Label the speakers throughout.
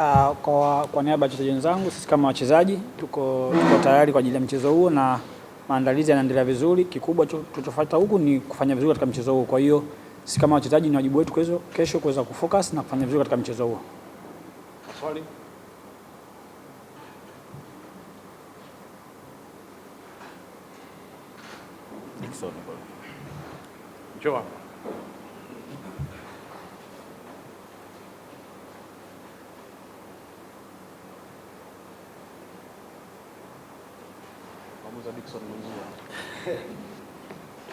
Speaker 1: Uh, kwa, kwa niaba ya wachezaji wenzangu, sisi kama wachezaji tuko, tuko tayari kwa ajili ya mchezo huo na maandalizi yanaendelea vizuri. Kikubwa tulichofuata huku ni kufanya vizuri katika mchezo huo. Kwa hiyo sisi kama wachezaji ni wajibu wetu kesho, kesho kuweza kufocus na kufanya vizuri katika mchezo huo. Swali. Dickson. Joa.
Speaker 2: Mwamuzi Dickson Mzua.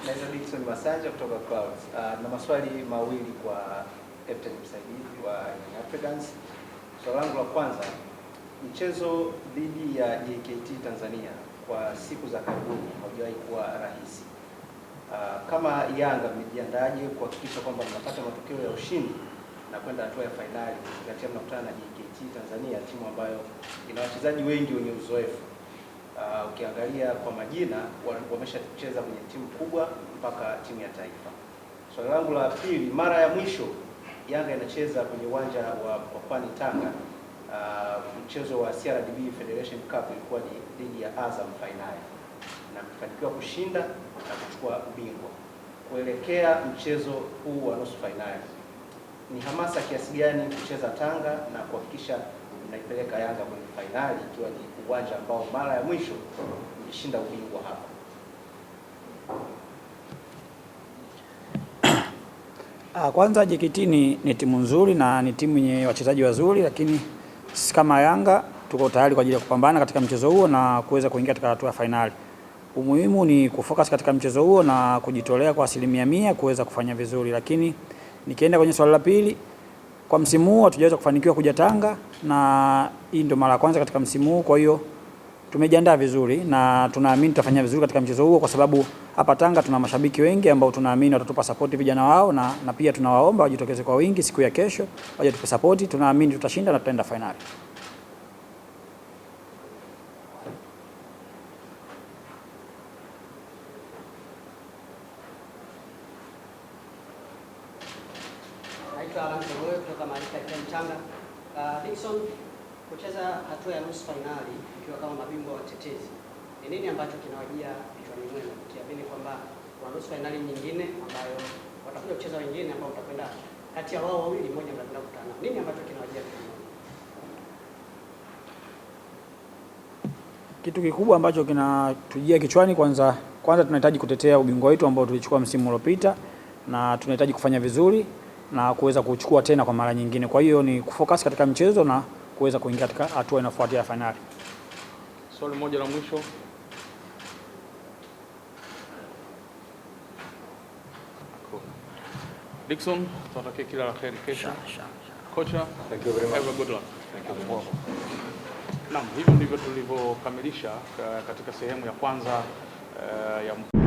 Speaker 3: Naitwa Dickson Masanja kutoka Clouds. Uh, na maswali mawili kwa captain msaidizi wa Young Africans. Swali langu la kwanza, mchezo dhidi ya JKT Tanzania kwa siku za karibuni haujawahi kuwa rahisi. Uh, kama Yanga mmejiandaje kuhakikisha kwamba mnapata matokeo ya ushindi na kwenda hatua ya fainali, ukizingatia mnakutana na JKT Tanzania, timu ambayo ina wachezaji wengi wenye uzoefu uh, ukiangalia kwa majina wameshacheza kwenye timu kubwa mpaka timu ya taifa. Swali so, langu la pili, mara ya mwisho Yanga inacheza kwenye uwanja wa Pwani Tanga, uh, mchezo wa CRDB Federation Cup ilikuwa ni ligi ya Azam fainali na kufanikiwa kushinda na kuchukua ubingwa kuelekea mchezo huu wa nusu fainali ni hamasa kiasi gani kucheza Tanga na kuhakikisha mnaipeleka Yanga kwenye fainali, ikiwa ni uwanja ambao mara ya mwisho mlishinda ubingwa hapa?
Speaker 1: Ah, kwanza JKT ni, ni timu nzuri na ni timu yenye wachezaji wazuri, lakini sisi kama Yanga tuko tayari kwa ajili ya kupambana katika mchezo huo na kuweza kuingia katika hatua ya fainali. Umuhimu ni kufocus katika mchezo huo na kujitolea kwa asilimia mia kuweza kufanya vizuri, lakini Nikienda kwenye swali la pili, kwa msimu huu hatujaweza kufanikiwa kuja Tanga na hii ndio mara ya kwanza katika msimu huu, kwa hiyo tumejiandaa vizuri na tunaamini tutafanya vizuri katika mchezo huo, kwa sababu hapa Tanga tuna mashabiki wengi ambao tunaamini watatupa sapoti vijana wao, na, na pia tunawaomba wajitokeze kwa wingi siku ya kesho waje tupe sapoti. Tunaamini tutashinda na tutaenda fainali.
Speaker 4: Naitwa Alan kutoka Maarifa FM Tanga. Uh, ah, Dickson, kucheza hatua ya nusu fainali kama mabingwa watetezi, ni nini ambacho kinawajia vichwani mwenu kwamba kuna nusu fainali nyingine ambayo watakuja kucheza wengine ambao kati ya wao wawili, mmoja mtakwenda kukutana, nini ambacho kinawajia
Speaker 1: Kitu kikubwa ambacho kinatujia kichwani, kwanza kwanza tunahitaji kutetea ubingwa wetu ambao tulichukua msimu uliopita na tunahitaji kufanya vizuri na kuweza kuchukua tena kwa mara nyingine. Kwa hiyo ni kufocus katika mchezo na kuweza kuingia katika hatua inayofuatia ya fainali.
Speaker 2: Swali moja la mwisho. Dickson, tunatakia kila la heri kesho. Kocha, thank you very much. Have a good luck. Thank you Naam, hivyo ndivyo tulivyokamilisha eh, katika sehemu ya kwanza uh, ya